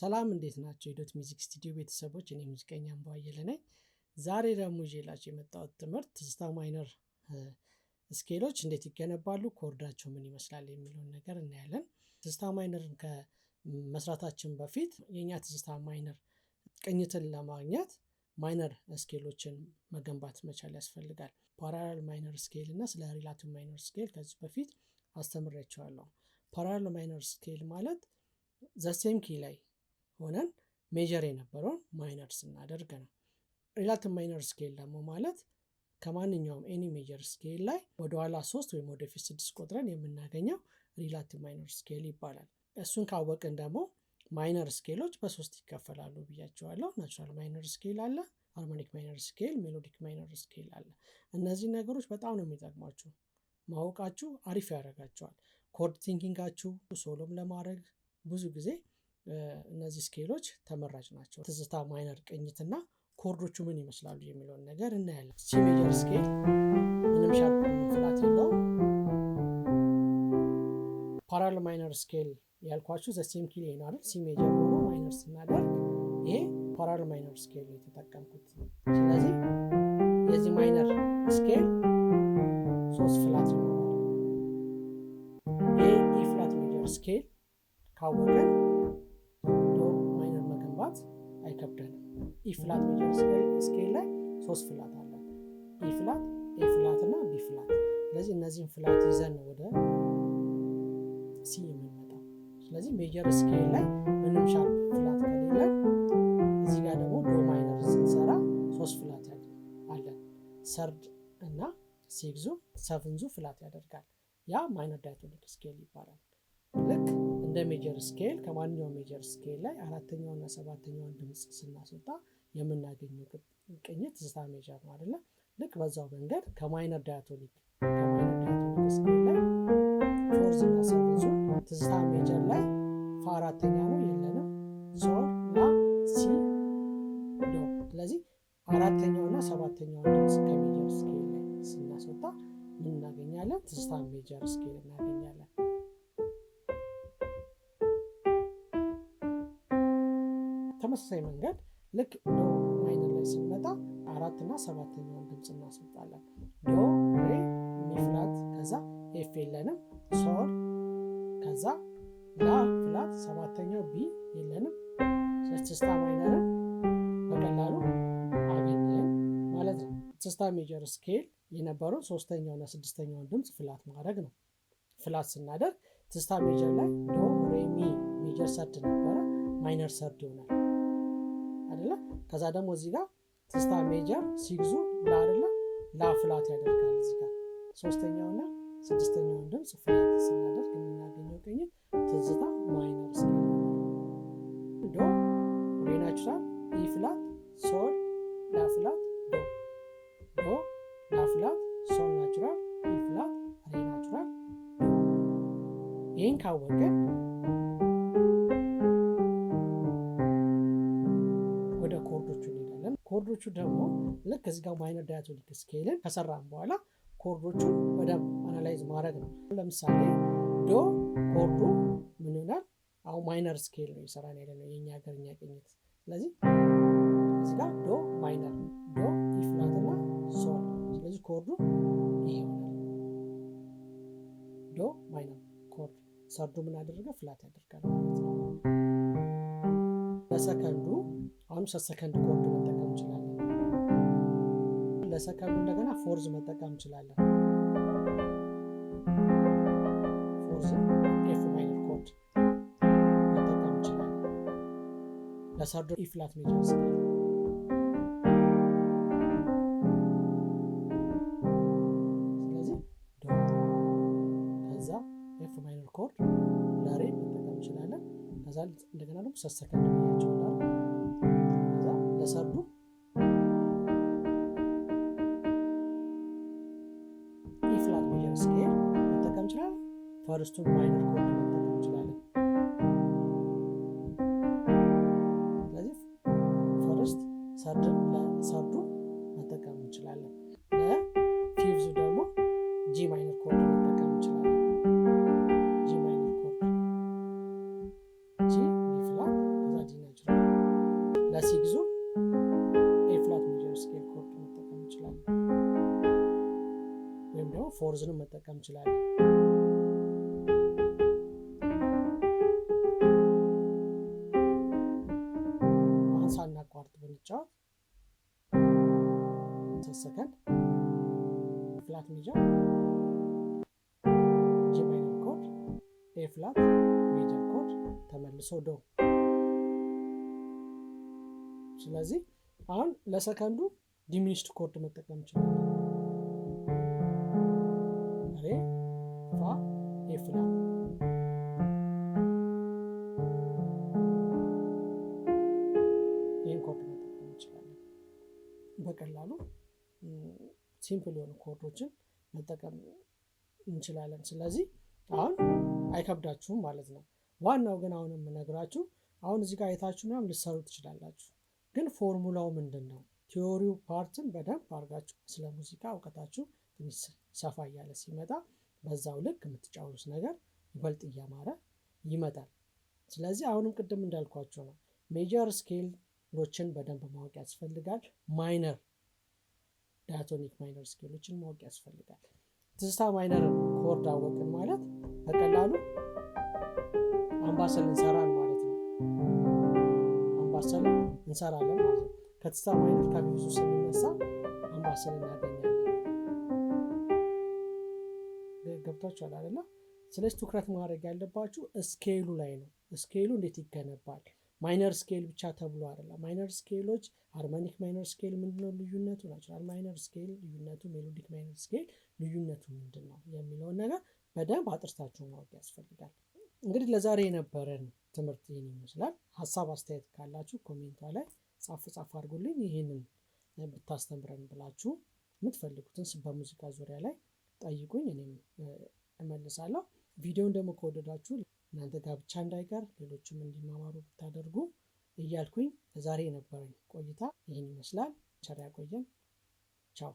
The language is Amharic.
ሰላም እንዴት ናቸው? የዶት ሚዚክ ስቱዲዮ ቤተሰቦች፣ እኔ ሙዚቀኛ አምባየለ ነኝ። ዛሬ ደግሞ ይዤላቸው የመጣሁት ትምህርት ትዝታ ማይነር ስኬሎች እንዴት ይገነባሉ፣ ኮርዳቸው ምን ይመስላል የሚለውን ነገር እናያለን። ትዝታ ማይነርን ከመስራታችን በፊት የእኛ ትዝታ ማይነር ቅኝትን ለማግኘት ማይነር ስኬሎችን መገንባት መቻል ያስፈልጋል። ፓራላል ማይነር ስኬል እና ስለ ሪላቲቭ ማይነር ስኬል ከዚህ በፊት አስተምሬያቸዋለሁ። ፓራላል ማይነር ስኬል ማለት ዘሴም ኪ ላይ ሆነን ሜጀር የነበረውን ማይነር ስናደርግ ነው። ሪላቲቭ ማይነር ስኬል ደግሞ ማለት ከማንኛውም ኤኒ ሜጀር ስኬል ላይ ወደኋላ ሶስት ወይም ወደፊት ስድስት ቆጥረን የምናገኘው ሪላቲቭ ማይነር ስኬል ይባላል። እሱን ካወቅን ደግሞ ማይነር ስኬሎች በሶስት ይከፈላሉ ብያቸዋለሁ። ናቹራል ማይነር ስኬል አለ፣ ሃርሞኒክ ማይነር ስኬል፣ ሜሎዲክ ማይነር ስኬል አለ። እነዚህ ነገሮች በጣም ነው የሚጠቅሟችሁ። ማወቃችሁ አሪፍ ያደርጋቸዋል። ኮርድ ቲንኪንጋችሁ ሶሎም ለማድረግ ብዙ ጊዜ እነዚህ ስኬሎች ተመራጭ ናቸው። ትዝታ ማይነር ቅኝትና ኮርዶቹ ምን ይመስላሉ የሚለውን ነገር እናያለን። ሲ ሜጀር ስኬል ምንም ሻርፕ ፍላት የለው። ፓራል ማይነር ስኬል ያልኳችሁ ዘሴም ኪ ሌን አይደል? ሲ ሜጀር ሆኖ ማይነር ስናደርግ ይሄ ፓራል ማይነር ስኬል ነው የተጠቀምኩት። ስለዚህ የዚህ ማይነር ስኬል ሶስት ፍላት ይኖራል። ይሄ ኢ ፍላት ሜጀር ስኬል ካወቀን ኢፍላት ሜጀር ስኬል ላይ ሶስት ፍላት አለ ኢፍላት ኤፍላት እና ቢፍላት ስለዚህ እነዚህን ፍላት ይዘን ወደ ሲ የምንመጣው ስለዚህ ሜጀር ስኬል ላይ ምንም ሻ ፍላት ከሌለ እዚህ ጋር ደግሞ ዶ ማይነር ስንሰራ ሶስት ፍላት አለን ሰርድ እና ሲግዙ ሰፍንዙ ፍላት ያደርጋል ያ ማይነር ዳያቶኒክ ስኬል ይባላል ልክ እንደ ሜጀር ስኬል ከማንኛውም ሜጀር ስኬል ላይ አራተኛውና ሰባተኛውን ድምፅ ስናስወጣ የምናገኘው ቅኝት ዝታ ሜጀር ነው አይደለ? ልክ በዛው መንገድ ከማይነር ዳያቶኒክ ስኬል ትዝታ ሜጀር ላይ ፋ አራተኛ ነው የለንም፣ ሶል ላ ሲ ዶ። ስለዚህ አራተኛውና ሰባተኛውን ድምፅ ከሜጀር ስኬል ላይ ስናስወጣ ምን እናገኛለን? ትዝታ ሜጀር ስኬል እናገኛለን። በተመሳሳይ መንገድ ልክ ዶ ማይነር ላይ ስንመጣ አራትና ሰባተኛውን ድምፅ እናስወጣለን። ዶ ሬ ሚፍላት ከዛ ኤፍ የለንም። ሶል ከዛ ላ ፍላት ሰባተኛው ቢ የለንም። ስስታ ማይነርን በቀላሉ አገኘን ማለት ነው። ስስታ ሜጀር ስኬል የነበረው ሶስተኛውና ስድስተኛውን ድምፅ ፍላት ማድረግ ነው። ፍላት ስናደርግ ትስታ ሜጀር ላይ ዶ ሬ ሚ ሜጀር ሰርድ ነበረ፣ ማይነር ሰርድ ይሆናል። አይደለ? ከዛ ደግሞ እዚህ ጋር ትስታ ሜጀር ሲግዙ ላአደለ ላፍላት ያደርጋል እዚህ ጋር ሶስተኛውና ስድስተኛውን ድምፅ ፍላት ስናደርግ የምናገኘው ቅኝት ትዝታ ማይነር ስ ዶ ሬናቹራል ኢ ፍላት ሶል ላፍላት ዶ ዶ ላፍላት ሶል ናቹራል ኢ ፍላት ሬናቹራል ይህን ካወቅን ኮርዶቹ ደግሞ ልክ እዚህ ጋር ማይነር ዳያቶኒክ ስኬልን ከሰራን በኋላ ኮርዶቹ በደንብ አናላይዝ ማድረግ ነው። ለምሳሌ ዶ ኮርዱ ምን ይሆናል? አሁን ማይነር ስኬል ነው የሰራን ያለ ነው የኛ ሀገርኛ ቅኝት። ስለዚህ እዚህ ጋር ዶ ማይነር፣ ዶ ኢፍላት እና ሶል። ስለዚህ ኮርዱ ይሄ ይሆናል። ዶ ማይነር ኮርድ ሰርዱ ምን አደረገ? ፍላት ያደርጋል ማለት ነው። በሰከንዱ አሁን ሰሰከንድ ኮርድ መጠቀም ለሰከንዱ እንደገና ፎርዝ መጠቀም እንችላለን። ፎርዝ ለሰርዶ ኢፍላት ሜጀር ስኬል ስለዚህ ዶ ከዛ ኤፍ ማይነር ኮርድ ለሬ መጠቀም እንችላለን። ከዛ እንደገና ደግሞ ሰሰከንድ ያቸውላል ከዛ ለሰርዱ ፈርስቱን ማይነር ኮርድ መጠቀም እንችላለን። ስለዚህ ፈርስት ሰርድን ለሰርዱ መጠቀም እንችላለን። ለፊቭዙ ደግሞ ጂ ማይነር ኮርድ መጠቀም እንችላለን። ጂ ማይነር ኮርድ ጂ ዲ ለሲግዙ ፎርዝንም መጠቀም እንችላለን። ብቻ ሰከንድ ፍላት ሜጀር ጂ ማይነር ኮድ ኤ ፍላት ሜጀር ኮርድ ተመልሶ ዶ። ስለዚህ አሁን ለሰከንዱ ዲሚኒሽድ ኮርድ መጠቀም ይችላል። ሲምፕል የሆኑ ኮርዶችን መጠቀም እንችላለን። ስለዚህ አሁን አይከብዳችሁም ማለት ነው። ዋናው ግን አሁን የምነግራችሁ አሁን እዚህ ጋር የታችሁ ምናምን ልሰሩ ትችላላችሁ። ግን ፎርሙላው ምንድን ነው? ቲዎሪው ፓርትን በደንብ አድርጋችሁ ስለ ሙዚቃ እውቀታችሁ ትንሽ ሰፋ እያለ ሲመጣ በዛው ልክ የምትጫወቱት ነገር ይበልጥ እያማረ ይመጣል። ስለዚህ አሁንም ቅድም እንዳልኳቸው ነው ሜጀር ስኬሎችን በደንብ ማወቅ ያስፈልጋል ማይነር ዳያቶኒክ ማይነር ስኬሎችን ማወቅ ያስፈልጋል። ትዝታ ማይነር ኮርድ አወቅን ማለት በቀላሉ አምባሰል እንሰራን ማለት ነው። አምባሰል እንሰራለን ማለት ነው። ከትዝታ ማይነር ከብዙ ስንነሳ አምባሰል እናገኛለን። ገብታችኋል አይደለ? ስለዚህ ትኩረት ማድረግ ያለባችሁ ስኬሉ ላይ ነው። ስኬሉ እንዴት ይገነባል? ማይነር ስኬል ብቻ ተብሎ አይደለም። ማይነር ስኬሎች ሃርሞኒክ ማይነር ስኬል ምንድነው ልዩነቱ፣ ናቹራል ማይነር ስኬል ልዩነቱ፣ ሜሎዲክ ማይነር ስኬል ልዩነቱ ምንድን ነው የሚለውን ነገር በደንብ አጥርታችሁ ማወቅ ያስፈልጋል። እንግዲህ ለዛሬ የነበረን ትምህርት ይህን ይመስላል። ሀሳብ አስተያየት ካላችሁ ኮሜንቷ ላይ ጻፍ ጻፍ አድርጉልኝ። ይህንን ብታስተምረን ብላችሁ የምትፈልጉትን በሙዚቃ ዙሪያ ላይ ጠይቁኝ፣ እኔም እመልሳለሁ። ቪዲዮን ደግሞ ከወደዳችሁ እናንተ ጋብቻ እንዳይቀር ሌሎችም እንዲማማሩ ብታደርጉ እያልኩኝ ለዛሬ የነበረኝ ቆይታ ይህን ይመስላል። ቸር ያቆየን። ቻው